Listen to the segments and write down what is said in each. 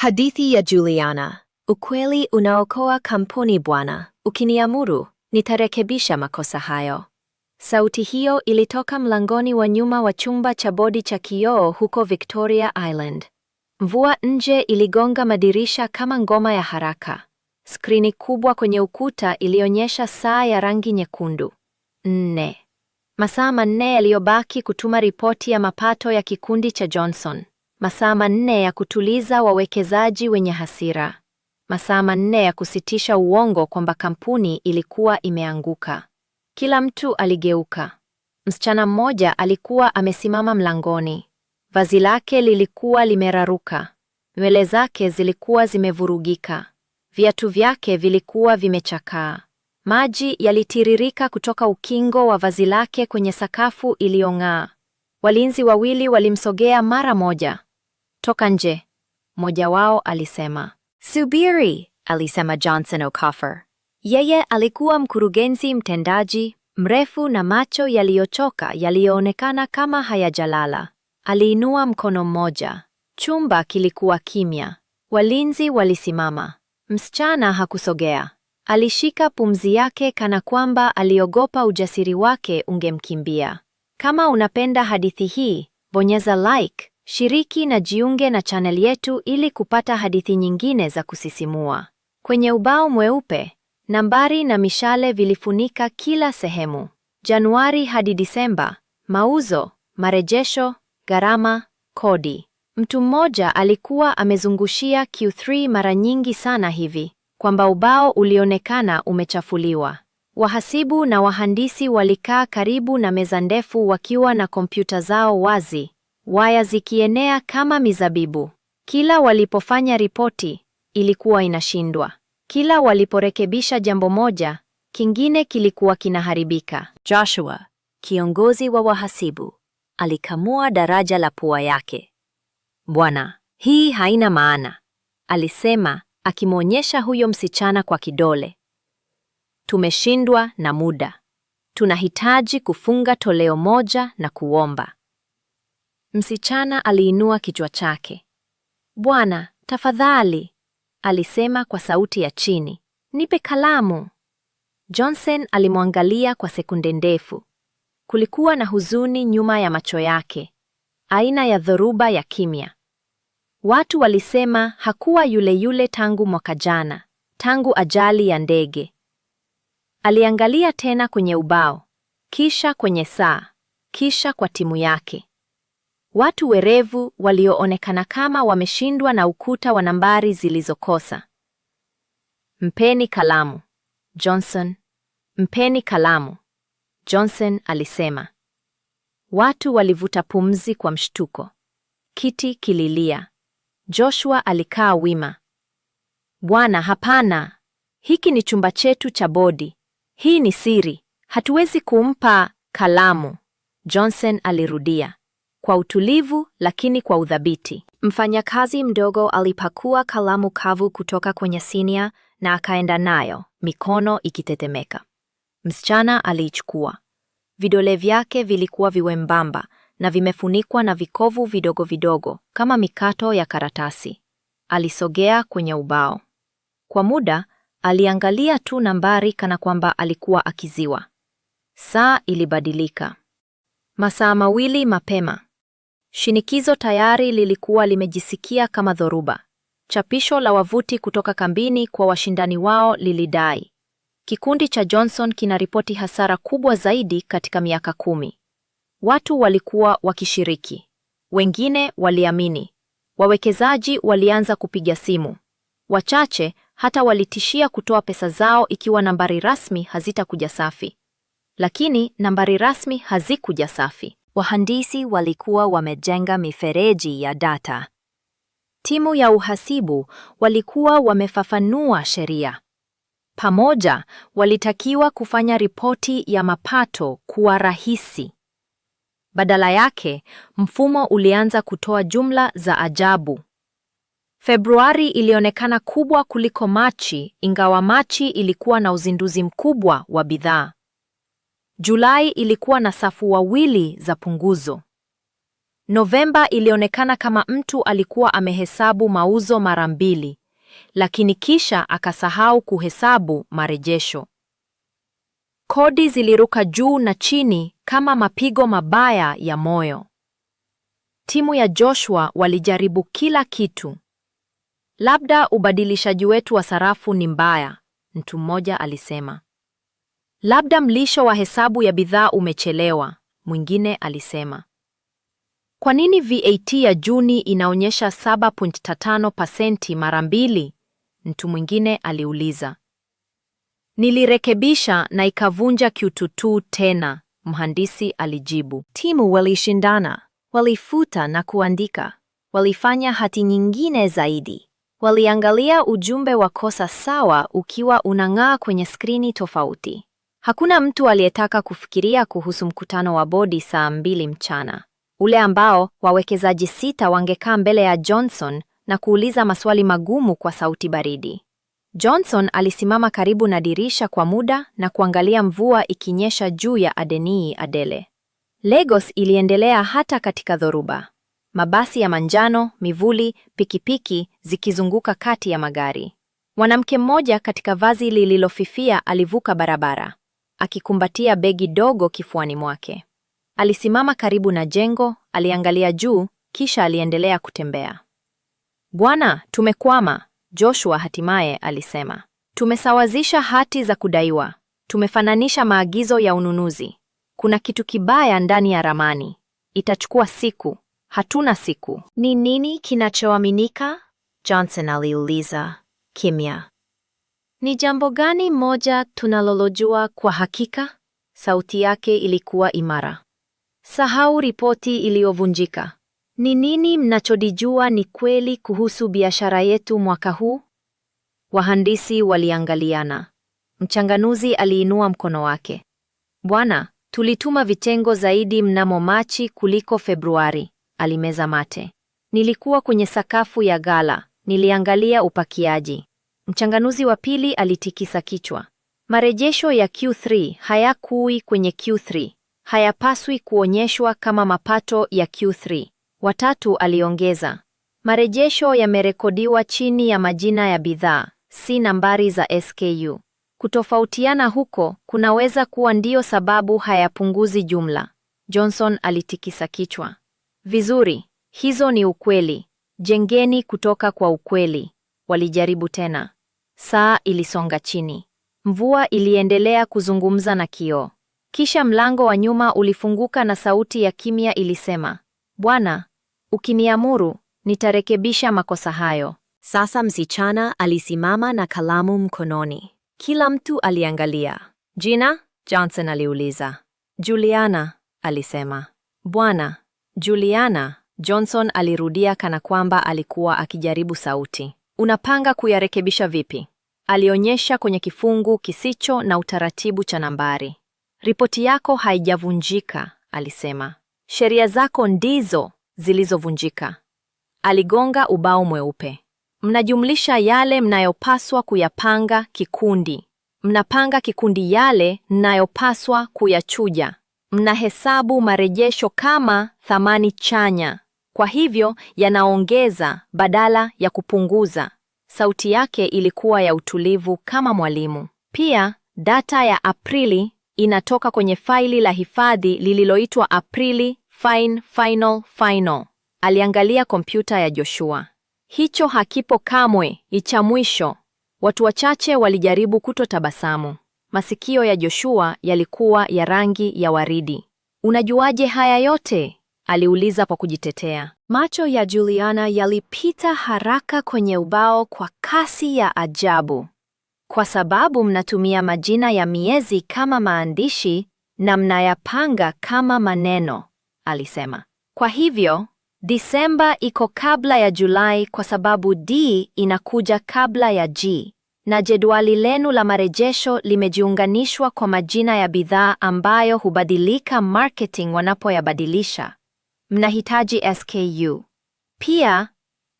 Hadithi ya Juliana. Ukweli unaokoa kampuni bwana. Ukiniamuru, nitarekebisha makosa hayo. Sauti hiyo ilitoka mlangoni wa nyuma wa chumba cha bodi cha kioo huko Victoria Island. Mvua nje iligonga madirisha kama ngoma ya haraka. Skrini kubwa kwenye ukuta ilionyesha saa ya rangi nyekundu. Nne. Masaa manne yaliyobaki kutuma ripoti ya mapato ya kikundi cha Johnson. Masaa manne ya kutuliza wawekezaji wenye hasira. Masaa manne ya kusitisha uongo kwamba kampuni ilikuwa imeanguka. Kila mtu aligeuka. Msichana mmoja alikuwa amesimama mlangoni. Vazi lake lilikuwa limeraruka. Nywele zake zilikuwa zimevurugika. Viatu vyake vilikuwa vimechakaa. Maji yalitiririka kutoka ukingo wa vazi lake kwenye sakafu iliyong'aa. Walinzi wawili walimsogea mara moja toka nje, mmoja wao alisema. Subiri, alisema Johnson Okafor. Yeye alikuwa mkurugenzi mtendaji mrefu na macho yaliyochoka yaliyoonekana kama hayajalala. Aliinua mkono mmoja. Chumba kilikuwa kimya. Walinzi walisimama. Msichana hakusogea. Alishika pumzi yake kana kwamba aliogopa ujasiri wake ungemkimbia. Kama unapenda hadithi hii, bonyeza like, Shiriki na jiunge na chanel yetu ili kupata hadithi nyingine za kusisimua. Kwenye ubao mweupe, nambari na mishale vilifunika kila sehemu. Januari hadi Disemba, mauzo, marejesho, gharama, kodi. Mtu mmoja alikuwa amezungushia Q3 mara nyingi sana hivi kwamba ubao ulionekana umechafuliwa. Wahasibu na wahandisi walikaa karibu na meza ndefu wakiwa na kompyuta zao wazi waya zikienea kama mizabibu. Kila walipofanya ripoti ilikuwa inashindwa. Kila waliporekebisha jambo moja, kingine kilikuwa kinaharibika. Joshua, kiongozi wa wahasibu, alikamua daraja la pua yake. Bwana, hii haina maana, alisema akimwonyesha huyo msichana kwa kidole. Tumeshindwa na muda. Tunahitaji kufunga toleo moja na kuomba. Msichana aliinua kichwa chake. Bwana, tafadhali, alisema kwa sauti ya chini, nipe kalamu. Johnson alimwangalia kwa sekunde ndefu. Kulikuwa na huzuni nyuma ya macho yake, aina ya dhoruba ya kimya. Watu walisema hakuwa yule yule tangu mwaka jana, tangu ajali ya ndege. Aliangalia tena kwenye ubao, kisha kwenye saa, kisha kwa timu yake. Watu werevu walioonekana kama wameshindwa na ukuta wa nambari zilizokosa. Mpeni kalamu. Johnson, mpeni kalamu. Johnson alisema. Watu walivuta pumzi kwa mshtuko. Kiti kililia. Joshua alikaa wima. Bwana, hapana. Hiki ni chumba chetu cha bodi. Hii ni siri. Hatuwezi kumpa kalamu. Johnson alirudia kwa utulivu lakini kwa udhabiti. Mfanyakazi mdogo alipakua kalamu kavu kutoka kwenye sinia na akaenda nayo, mikono ikitetemeka. Msichana aliichukua. Vidole vyake vilikuwa viwembamba na vimefunikwa na vikovu vidogo vidogo kama mikato ya karatasi. Alisogea kwenye ubao. Kwa muda aliangalia tu nambari, kana kwamba alikuwa akiziwa. Saa ilibadilika. Masaa mawili mapema Shinikizo tayari lilikuwa limejisikia kama dhoruba. Chapisho la wavuti kutoka kambini kwa washindani wao lilidai kikundi cha Johnson kinaripoti hasara kubwa zaidi katika miaka kumi. Watu walikuwa wakishiriki, wengine waliamini, wawekezaji walianza kupiga simu, wachache hata walitishia kutoa pesa zao ikiwa nambari rasmi hazitakuja safi. Lakini nambari rasmi hazikuja safi wahandisi walikuwa wamejenga mifereji ya data. Timu ya uhasibu walikuwa wamefafanua sheria. Pamoja walitakiwa kufanya ripoti ya mapato kuwa rahisi. Badala yake, mfumo ulianza kutoa jumla za ajabu. Februari ilionekana kubwa kuliko Machi, ingawa Machi ilikuwa na uzinduzi mkubwa wa bidhaa. Julai ilikuwa na safu wawili za punguzo. Novemba ilionekana kama mtu alikuwa amehesabu mauzo mara mbili, lakini kisha akasahau kuhesabu marejesho. Kodi ziliruka juu na chini kama mapigo mabaya ya moyo. Timu ya Joshua walijaribu kila kitu. Labda ubadilishaji wetu wa sarafu ni mbaya, mtu mmoja alisema. Labda mlisho wa hesabu ya bidhaa umechelewa, mwingine alisema. Kwa nini VAT ya Juni inaonyesha 7.5% mara mbili? Mtu mwingine aliuliza. Nilirekebisha na ikavunja q 2 tena, mhandisi alijibu. Timu walishindana, walifuta na kuandika, walifanya hati nyingine zaidi, waliangalia ujumbe wa kosa sawa ukiwa unang'aa kwenye skrini tofauti. Hakuna mtu aliyetaka kufikiria kuhusu mkutano wa bodi saa mbili mchana, ule ambao wawekezaji sita wangekaa mbele ya Johnson na kuuliza maswali magumu kwa sauti baridi. Johnson alisimama karibu na dirisha kwa muda na kuangalia mvua ikinyesha juu ya Adenii Adele. Lagos iliendelea hata katika dhoruba. Mabasi ya manjano, mivuli, pikipiki zikizunguka kati ya magari. Mwanamke mmoja katika vazi lililofifia alivuka barabara akikumbatia begi dogo kifuani mwake. Alisimama karibu na jengo, aliangalia juu, kisha aliendelea kutembea. Bwana, tumekwama, Joshua hatimaye alisema. Tumesawazisha hati za kudaiwa, tumefananisha maagizo ya ununuzi. Kuna kitu kibaya ndani ya ramani. Itachukua siku, hatuna siku. Ni nini kinachoaminika? Johnson aliuliza kimya. Ni jambo gani moja tunalolojua kwa hakika? Sauti yake ilikuwa imara. Sahau ripoti iliyovunjika. Ni nini mnachodijua ni kweli kuhusu biashara yetu mwaka huu? Wahandisi waliangaliana. Mchanganuzi aliinua mkono wake. Bwana, tulituma vitengo zaidi mnamo Machi kuliko Februari. Alimeza mate. Nilikuwa kwenye sakafu ya gala, niliangalia upakiaji. Mchanganuzi wa pili alitikisa kichwa. Marejesho ya Q3 hayakui kwenye Q3, hayapaswi kuonyeshwa kama mapato ya Q3. Watatu aliongeza, marejesho yamerekodiwa chini ya majina ya bidhaa, si nambari za SKU. Kutofautiana huko kunaweza kuwa ndiyo sababu hayapunguzi jumla. Johnson alitikisa kichwa. Vizuri, hizo ni ukweli. Jengeni kutoka kwa ukweli. Walijaribu tena. Saa ilisonga chini. Mvua iliendelea kuzungumza na kioo. Kisha mlango wa nyuma ulifunguka na sauti ya kimya ilisema, Bwana, ukiniamuru nitarekebisha makosa hayo. Sasa msichana alisimama na kalamu mkononi. Kila mtu aliangalia. Jina? Johnson aliuliza. Juliana, alisema. Bwana, Juliana, Johnson alirudia kana kwamba alikuwa akijaribu sauti. Unapanga kuyarekebisha vipi? Alionyesha kwenye kifungu kisicho na utaratibu cha nambari. Ripoti yako haijavunjika, alisema. Sheria zako ndizo zilizovunjika. Aligonga ubao mweupe. Mnajumlisha yale mnayopaswa kuyapanga kikundi. Mnapanga kikundi yale mnayopaswa kuyachuja. Mnahesabu marejesho kama thamani chanya. Kwa hivyo yanaongeza badala ya kupunguza. Sauti yake ilikuwa ya utulivu kama mwalimu. Pia data ya Aprili inatoka kwenye faili la hifadhi lililoitwa Aprili Fine Final Final. Aliangalia kompyuta ya Joshua. Hicho hakipo kamwe, ni cha mwisho. Watu wachache walijaribu kutotabasamu. Masikio ya Joshua yalikuwa ya rangi ya waridi. Unajuaje haya yote? aliuliza kwa kujitetea. Macho ya Juliana yalipita haraka kwenye ubao kwa kasi ya ajabu. Kwa sababu mnatumia majina ya miezi kama maandishi na mnayapanga kama maneno, alisema. Kwa hivyo Disemba iko kabla ya Julai kwa sababu D inakuja kabla ya G, na jedwali lenu la marejesho limejiunganishwa kwa majina ya bidhaa ambayo hubadilika marketing wanapoyabadilisha mnahitaji SKU. Pia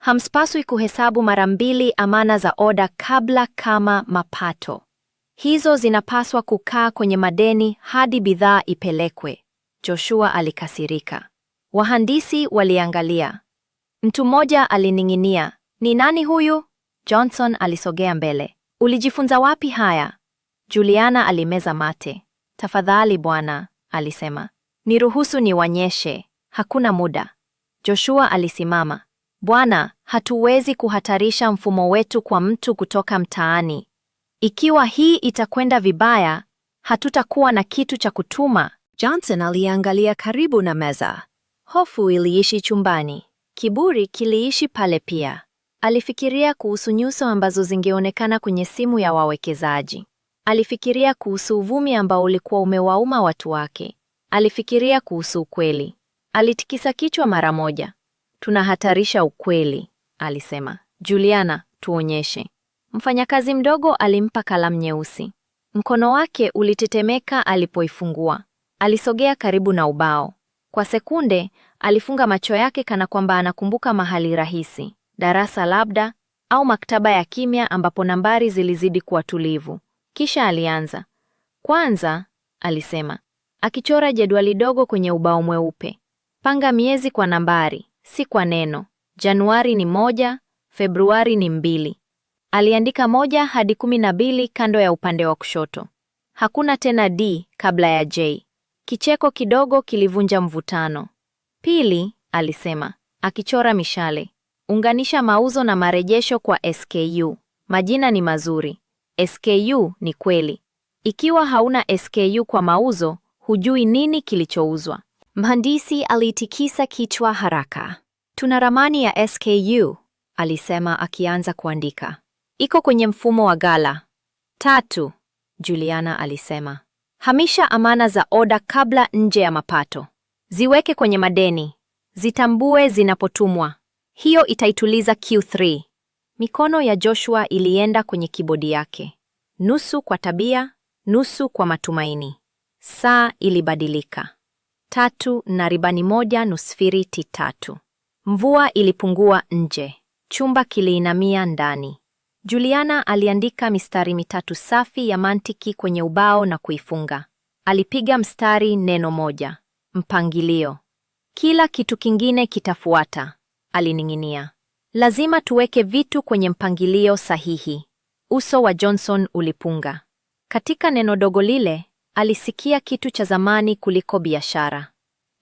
hamspaswi kuhesabu mara mbili amana za oda kabla kama mapato. Hizo zinapaswa kukaa kwenye madeni hadi bidhaa ipelekwe. Joshua alikasirika. Wahandisi waliangalia. Mtu mmoja alining'inia, ni nani huyu? Johnson alisogea mbele. Ulijifunza wapi haya? Juliana alimeza mate. Tafadhali bwana, alisema, niruhusu niwanyeshe. Hakuna muda. Joshua alisimama. Bwana, hatuwezi kuhatarisha mfumo wetu kwa mtu kutoka mtaani. Ikiwa hii itakwenda vibaya, hatutakuwa na kitu cha kutuma. Johnson aliangalia karibu na meza. Hofu iliishi chumbani. Kiburi kiliishi pale pia. Alifikiria kuhusu nyuso ambazo zingeonekana kwenye simu ya wawekezaji. Alifikiria kuhusu uvumi ambao ulikuwa umewauma watu wake. Alifikiria kuhusu ukweli. Alitikisa kichwa mara moja. Tunahatarisha ukweli, alisema. Juliana, tuonyeshe. Mfanyakazi mdogo alimpa kalamu nyeusi. Mkono wake ulitetemeka alipoifungua. Alisogea karibu na ubao. Kwa sekunde, alifunga macho yake kana kwamba anakumbuka mahali rahisi, darasa labda, au maktaba ya kimya ambapo nambari zilizidi kuwa tulivu. Kisha alianza. Kwanza, alisema, akichora jedwali dogo kwenye ubao mweupe. Panga miezi kwa nambari, si kwa neno. Januari ni moja, Februari ni mbili. Aliandika moja hadi kumi na mbili kando ya upande wa kushoto. Hakuna tena D kabla ya J. Kicheko kidogo kilivunja mvutano. Pili, alisema, akichora mishale. Unganisha mauzo na marejesho kwa SKU. Majina ni mazuri. SKU ni kweli. Ikiwa hauna SKU kwa mauzo, hujui nini kilichouzwa. Mhandisi alitikisa kichwa haraka. Tuna ramani ya SKU, alisema akianza kuandika. Iko kwenye mfumo wa gala. Tatu, Juliana alisema. Hamisha amana za oda kabla nje ya mapato. Ziweke kwenye madeni. Zitambue zinapotumwa. Hiyo itaituliza Q3. Mikono ya Joshua ilienda kwenye kibodi yake. Nusu kwa tabia, nusu kwa matumaini. Saa ilibadilika tatu na ribani moja tatu. Mvua ilipungua nje, chumba kiliinamia ndani. Juliana aliandika mistari mitatu safi ya mantiki kwenye ubao na kuifunga. Alipiga mstari neno moja, mpangilio. Kila kitu kingine kitafuata, alining'inia. Lazima tuweke vitu kwenye mpangilio sahihi. Uso wa Johnson ulipunga. Katika neno dogo lile Alisikia kitu cha zamani kuliko biashara,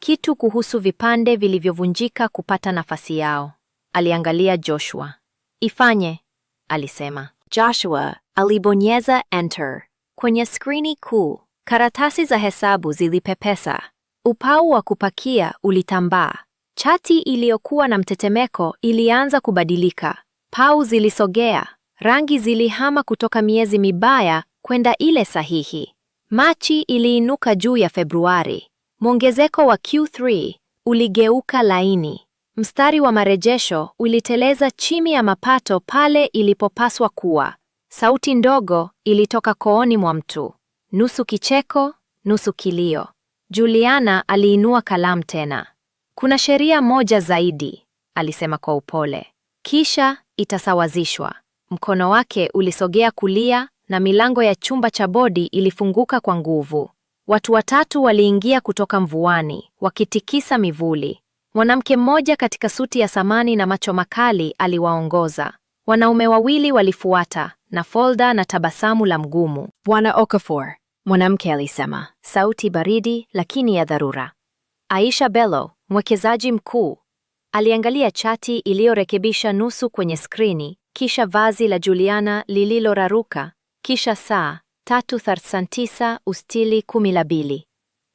kitu kuhusu vipande vilivyovunjika kupata nafasi yao. Aliangalia Joshua. Ifanye, alisema. Joshua alibonyeza enter kwenye skrini kuu. Karatasi za hesabu zilipepesa, upau wa kupakia ulitambaa, chati iliyokuwa na mtetemeko ilianza kubadilika, pau zilisogea, rangi zilihama kutoka miezi mibaya kwenda ile sahihi. Machi iliinuka juu ya Februari. Mwongezeko wa Q3 uligeuka laini. Mstari wa marejesho uliteleza chini ya mapato pale ilipopaswa kuwa. Sauti ndogo ilitoka kooni mwa mtu, nusu kicheko, nusu kilio. Juliana aliinua kalamu tena. Kuna sheria moja zaidi, alisema kwa upole, kisha itasawazishwa. Mkono wake ulisogea kulia, na milango ya chumba cha bodi ilifunguka kwa nguvu. Watu watatu waliingia kutoka mvuani wakitikisa mivuli. Mwanamke mmoja katika suti ya samani na macho makali aliwaongoza. Wanaume wawili walifuata na folda na tabasamu la mgumu. Bwana Okafor, mwanamke alisema, sauti baridi lakini ya dharura. Aisha Bello, mwekezaji mkuu, aliangalia chati iliyorekebisha nusu kwenye skrini, kisha vazi la Juliana lililoraruka kisha saa tatu tharsan tisa ustili kumi mbili.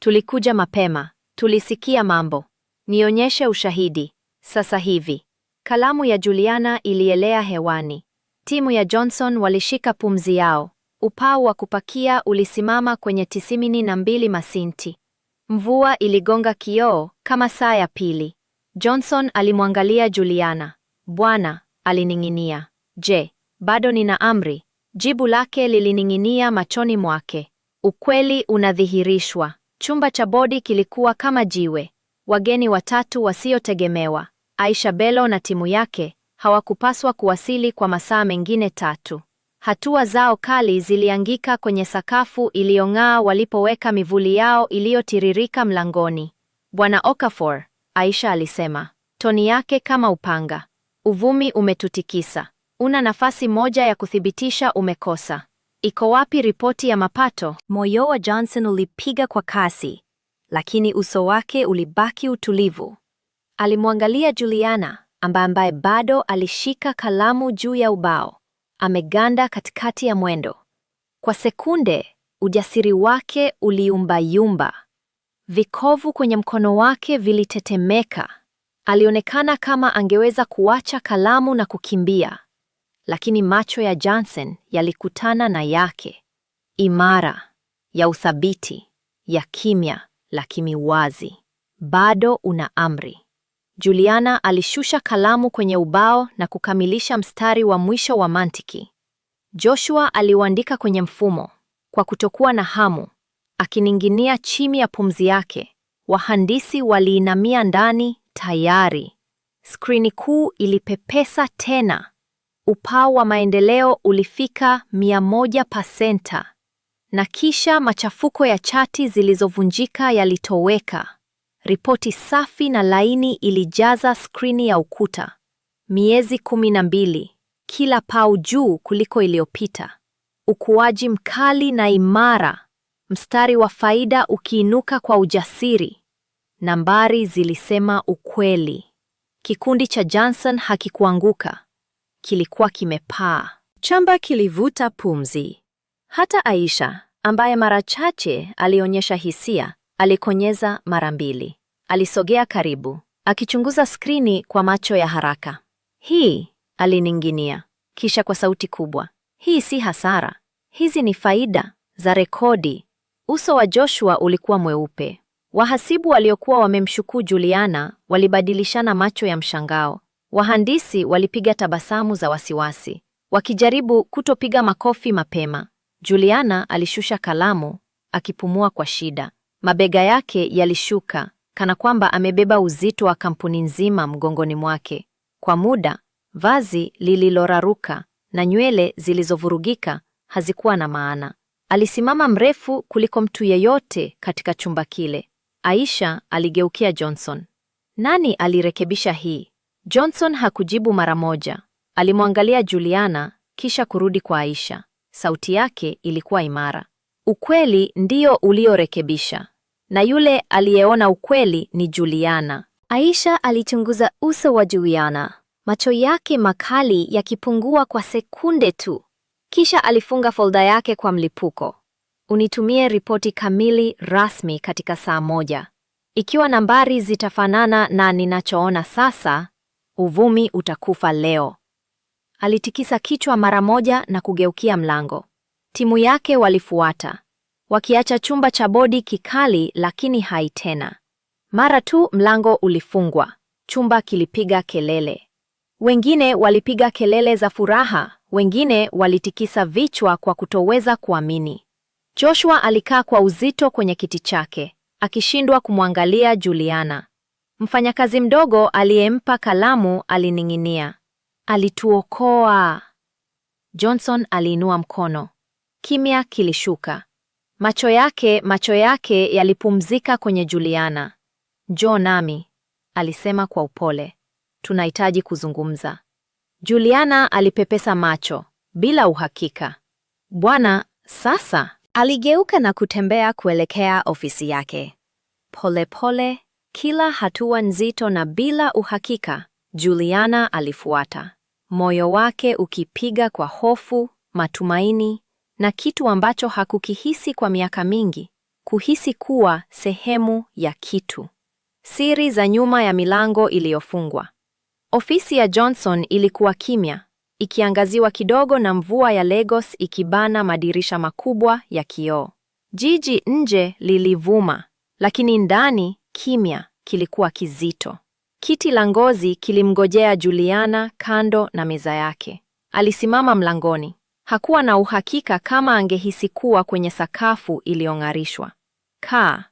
Tulikuja mapema, tulisikia mambo, nionyeshe ushahidi. Sasa hivi kalamu ya Juliana ilielea hewani. Timu ya Johnson walishika pumzi yao. upao wa kupakia ulisimama kwenye tisimini na mbili masinti. Mvua iligonga kioo kama saa ya pili. Johnson alimwangalia Juliana. Bwana, alining'inia, je, bado nina amri? Jibu lake lilining'inia machoni mwake. Ukweli unadhihirishwa. Chumba cha bodi kilikuwa kama jiwe. Wageni watatu wasiotegemewa, Aisha Bello na timu yake, hawakupaswa kuwasili kwa masaa mengine tatu. Hatua zao kali ziliangika kwenye sakafu iliyong'aa walipoweka mivuli yao iliyotiririka mlangoni. Bwana Okafor, Aisha alisema, toni yake kama upanga. Uvumi umetutikisa. Una nafasi moja ya kuthibitisha umekosa. Iko wapi ripoti ya mapato? Moyo wa Johnson ulipiga kwa kasi, lakini uso wake ulibaki utulivu. Alimwangalia Juliana ambaye ambaye bado alishika kalamu juu ya ubao, ameganda katikati ya mwendo. Kwa sekunde, ujasiri wake uliumbayumba. Vikovu kwenye mkono wake vilitetemeka. Alionekana kama angeweza kuacha kalamu na kukimbia lakini macho ya Johnson yalikutana na yake, imara, ya uthabiti, ya kimya lakini wazi. Bado una amri. Juliana alishusha kalamu kwenye ubao na kukamilisha mstari wa mwisho wa mantiki. Joshua aliuandika kwenye mfumo kwa kutokuwa na hamu, akining'inia chini ya pumzi yake. Wahandisi waliinamia ndani tayari. Skrini kuu ilipepesa tena, upao wa maendeleo ulifika 100% na kisha machafuko ya chati zilizovunjika yalitoweka. Ripoti safi na laini ilijaza skrini ya ukuta. Miezi 12, kila pau juu kuliko iliyopita. Ukuaji mkali na imara, mstari wa faida ukiinuka kwa ujasiri. Nambari zilisema ukweli. Kikundi cha Johnson hakikuanguka kilikuwa kimepaa. Chamba kilivuta pumzi. Hata Aisha ambaye mara chache alionyesha hisia alikonyeza mara mbili. Alisogea karibu, akichunguza skrini kwa macho ya haraka. Hii, alininginia, kisha kwa sauti kubwa, hii si hasara, hizi ni faida za rekodi. Uso wa Joshua ulikuwa mweupe. Wahasibu waliokuwa wamemshuku Juliana walibadilishana macho ya mshangao, Wahandisi walipiga tabasamu za wasiwasi, wakijaribu kutopiga makofi mapema. Juliana alishusha kalamu, akipumua kwa shida. Mabega yake yalishuka kana kwamba amebeba uzito wa kampuni nzima mgongoni mwake. Kwa muda, vazi lililoraruka na nywele zilizovurugika hazikuwa na maana. Alisimama mrefu kuliko mtu yeyote katika chumba kile. Aisha aligeukia Johnson. Nani alirekebisha hii? Johnson hakujibu mara moja. Alimwangalia Juliana kisha kurudi kwa Aisha. Sauti yake ilikuwa imara. Ukweli ndio uliorekebisha, na yule aliyeona ukweli ni Juliana. Aisha alichunguza uso wa Juliana, macho yake makali yakipungua kwa sekunde tu. Kisha alifunga folda yake kwa mlipuko. Unitumie ripoti kamili rasmi katika saa moja. Ikiwa nambari zitafanana na ninachoona sasa, Uvumi utakufa leo. Alitikisa kichwa mara moja na kugeukia mlango. Timu yake walifuata, wakiacha chumba cha bodi kikali lakini hai tena. Mara tu mlango ulifungwa, chumba kilipiga kelele. Wengine walipiga kelele za furaha, wengine walitikisa vichwa kwa kutoweza kuamini. Joshua alikaa kwa uzito kwenye kiti chake, akishindwa kumwangalia Juliana. Mfanyakazi mdogo aliyempa kalamu alining'inia. Alituokoa. Johnson aliinua mkono. Kimya kilishuka. Macho yake, macho yake yalipumzika kwenye Juliana. Njoo nami, alisema kwa upole. Tunahitaji kuzungumza. Juliana alipepesa macho bila uhakika. Bwana, sasa. Aligeuka na kutembea kuelekea ofisi yake. Polepole pole, kila hatua nzito na bila uhakika, Juliana alifuata, moyo wake ukipiga kwa hofu, matumaini na kitu ambacho hakukihisi kwa miaka mingi, kuhisi kuwa sehemu ya kitu. Siri za nyuma ya milango iliyofungwa. Ofisi ya Johnson ilikuwa kimya, ikiangaziwa kidogo na mvua ya Lagos ikibana madirisha makubwa ya kioo. Jiji nje lilivuma, lakini ndani Kimya kilikuwa kizito. Kiti la ngozi kilimgojea Juliana kando na meza yake. Alisimama mlangoni. Hakuwa na uhakika kama angehisi kuwa kwenye sakafu iliyong'arishwa. Kaa,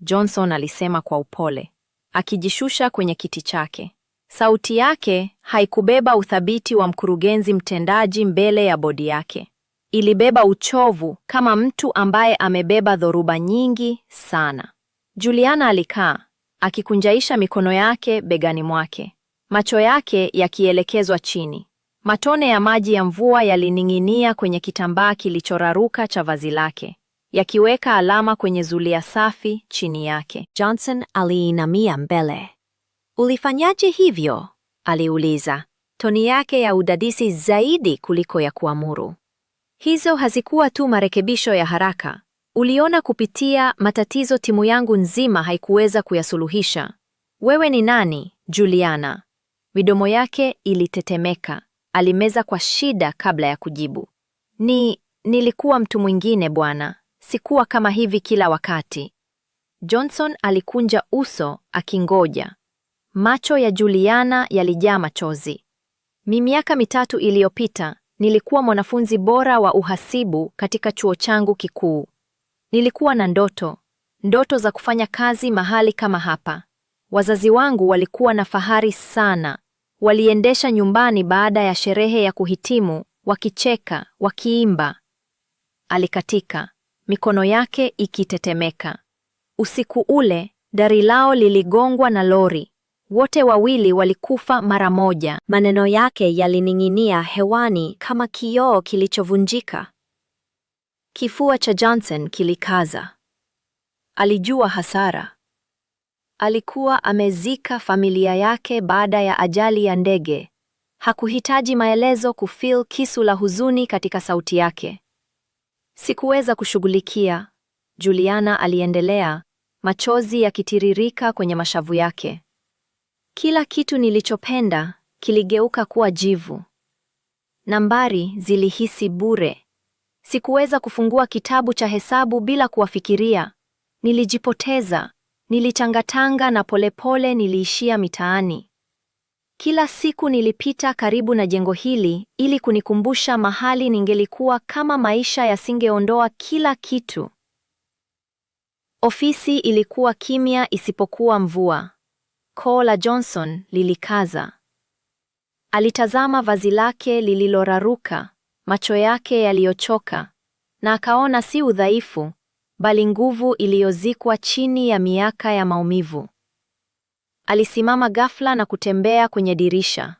Johnson alisema kwa upole, akijishusha kwenye kiti chake. Sauti yake haikubeba uthabiti wa mkurugenzi mtendaji mbele ya bodi yake. Ilibeba uchovu kama mtu ambaye amebeba dhoruba nyingi sana. Juliana alikaa akikunjaisha mikono yake begani mwake, macho yake yakielekezwa chini. Matone ya maji ya mvua yalining'inia kwenye kitambaa kilichoraruka cha vazi lake, yakiweka alama kwenye zulia safi chini yake. Johnson aliinamia mbele. Ulifanyaje hivyo? aliuliza, toni yake ya udadisi zaidi kuliko ya kuamuru. Hizo hazikuwa tu marekebisho ya haraka, Uliona kupitia matatizo timu yangu nzima haikuweza kuyasuluhisha. Wewe ni nani, Juliana? Midomo yake ilitetemeka. Alimeza kwa shida kabla ya kujibu. Ni nilikuwa mtu mwingine bwana. Sikuwa kama hivi kila wakati. Johnson alikunja uso akingoja. Macho ya Juliana yalijaa machozi. Mi miaka mitatu iliyopita nilikuwa mwanafunzi bora wa uhasibu katika chuo changu kikuu. Nilikuwa na ndoto, ndoto za kufanya kazi mahali kama hapa. Wazazi wangu walikuwa na fahari sana, waliendesha nyumbani baada ya sherehe ya kuhitimu, wakicheka, wakiimba. Alikatika, mikono yake ikitetemeka. Usiku ule dari lao liligongwa na lori. Wote wawili walikufa mara moja. Maneno yake yalining'inia hewani kama kioo kilichovunjika. Kifua cha Johnson kilikaza. Alijua hasara. Alikuwa amezika familia yake baada ya ajali ya ndege. Hakuhitaji maelezo kufil kisu la huzuni katika sauti yake. Sikuweza kushughulikia, Juliana aliendelea, machozi yakitiririka kwenye mashavu yake. Kila kitu nilichopenda kiligeuka kuwa jivu. Nambari zilihisi bure. Sikuweza kufungua kitabu cha hesabu bila kuwafikiria. Nilijipoteza, nilitangatanga na polepole niliishia mitaani. Kila siku nilipita karibu na jengo hili ili kunikumbusha mahali ningelikuwa kama maisha yasingeondoa kila kitu. Ofisi ilikuwa kimya isipokuwa mvua. Koo la Johnson lilikaza. Alitazama vazi lake lililoraruka macho yake yaliyochoka, na akaona si udhaifu, bali nguvu iliyozikwa chini ya miaka ya maumivu. Alisimama ghafla na kutembea kwenye dirisha.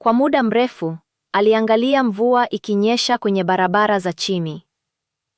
Kwa muda mrefu, aliangalia mvua ikinyesha kwenye barabara za chini.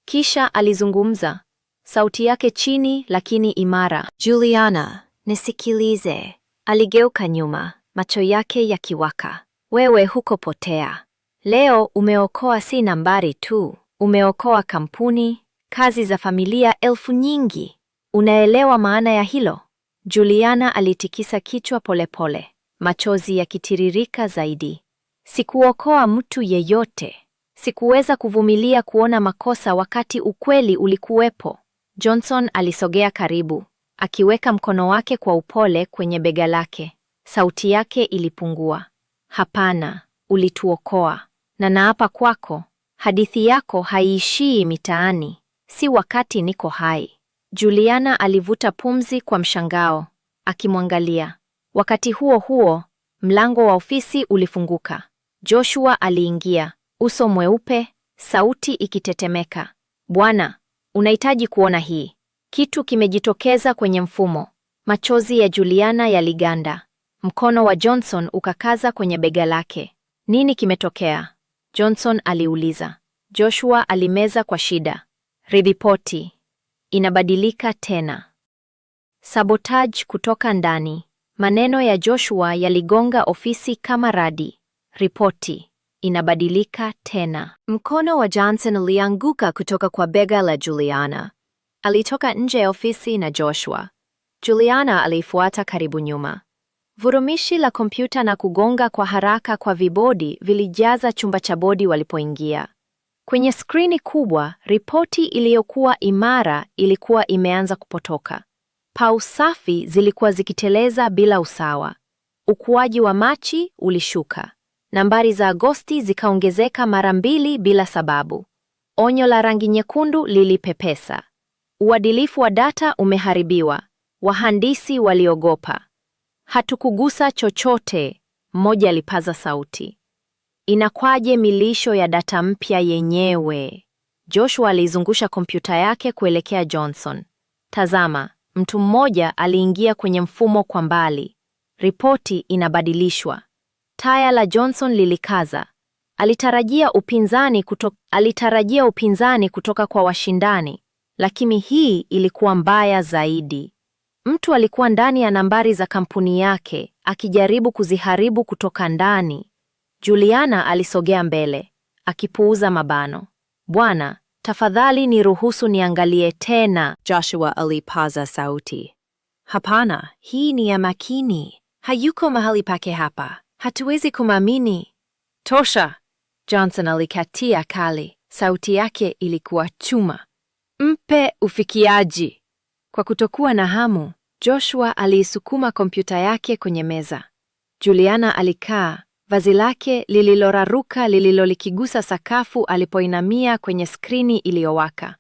Kisha alizungumza, sauti yake chini lakini imara. Juliana, nisikilize. Aligeuka nyuma, macho yake yakiwaka. Wewe huko potea. Leo umeokoa si nambari tu, umeokoa kampuni, kazi za familia elfu nyingi. Unaelewa maana ya hilo? Juliana alitikisa kichwa polepole pole, machozi yakitiririka zaidi. Sikuokoa mtu yeyote. Sikuweza kuvumilia kuona makosa wakati ukweli ulikuwepo. Johnson alisogea karibu, akiweka mkono wake kwa upole kwenye bega lake. Sauti yake ilipungua. Hapana, ulituokoa na naapa kwako, hadithi yako haiishii mitaani, si wakati niko hai. Juliana alivuta pumzi kwa mshangao akimwangalia. Wakati huo huo, mlango wa ofisi ulifunguka. Joshua aliingia, uso mweupe, sauti ikitetemeka. Bwana, unahitaji kuona hii. Kitu kimejitokeza kwenye mfumo. Machozi ya Juliana yaliganda. Mkono wa Johnson ukakaza kwenye bega lake. Nini kimetokea? Johnson aliuliza. Joshua alimeza kwa shida. Ripoti inabadilika tena. Sabotage kutoka ndani. Maneno ya Joshua yaligonga ofisi kama radi. Ripoti inabadilika tena. Mkono wa Johnson ulianguka kutoka kwa bega la Juliana. Alitoka nje ya ofisi na Joshua. Juliana alifuata karibu nyuma. Vurumishi la kompyuta na kugonga kwa haraka kwa vibodi vilijaza chumba cha bodi walipoingia. Kwenye skrini kubwa, ripoti iliyokuwa imara ilikuwa imeanza kupotoka. Pau safi zilikuwa zikiteleza bila usawa. Ukuaji wa Machi ulishuka. Nambari za Agosti zikaongezeka mara mbili bila sababu. Onyo la rangi nyekundu lilipepesa. Uadilifu wa data umeharibiwa. Wahandisi waliogopa. Hatukugusa chochote, mmoja alipaza sauti. Inakwaje milisho ya data mpya yenyewe? Joshua aliizungusha kompyuta yake kuelekea Johnson. Tazama, mtu mmoja aliingia kwenye mfumo kwa mbali. Ripoti inabadilishwa. Taya la Johnson lilikaza. Alitarajia upinzani kutoka, alitarajia upinzani kutoka kwa washindani, lakini hii ilikuwa mbaya zaidi. Mtu alikuwa ndani ya nambari za kampuni yake akijaribu kuziharibu kutoka ndani. Juliana alisogea mbele akipuuza mabano. Bwana, tafadhali niruhusu niangalie tena. Joshua alipaza sauti. Hapana, hii ni ya makini. Hayuko mahali pake hapa, hatuwezi kumamini. Tosha! Johnson alikatia kali, sauti yake ilikuwa chuma. Mpe ufikiaji. Kwa kutokuwa na hamu, Joshua aliisukuma kompyuta yake kwenye meza. Juliana alikaa, vazi lake lililoraruka lililolikigusa sakafu alipoinamia kwenye skrini iliyowaka.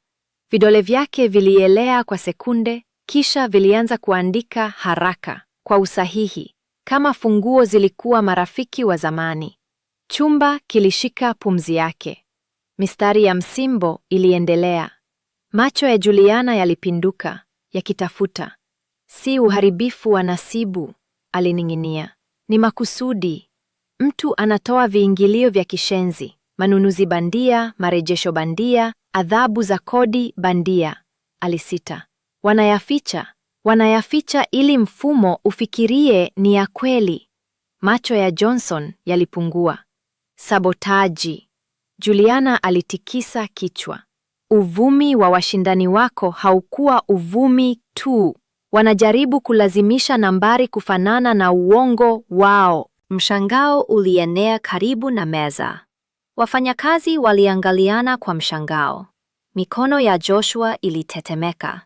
Vidole vyake vilielea kwa sekunde, kisha vilianza kuandika haraka kwa usahihi, kama funguo zilikuwa marafiki wa zamani. Chumba kilishika pumzi yake. Mistari ya msimbo iliendelea. Macho ya Juliana yalipinduka yakitafuta. Si uharibifu wa nasibu, alining'inia. Ni makusudi. Mtu anatoa viingilio vya kishenzi, manunuzi bandia, marejesho bandia, adhabu za kodi bandia, alisita. Wanayaficha, wanayaficha ili mfumo ufikirie ni ya kweli. Macho ya Johnson yalipungua. Sabotaji. Juliana alitikisa kichwa. Uvumi wa washindani wako haukuwa uvumi tu. Wanajaribu kulazimisha nambari kufanana na uongo wao. Mshangao ulienea karibu na meza. Wafanyakazi waliangaliana kwa mshangao. Mikono ya Joshua ilitetemeka.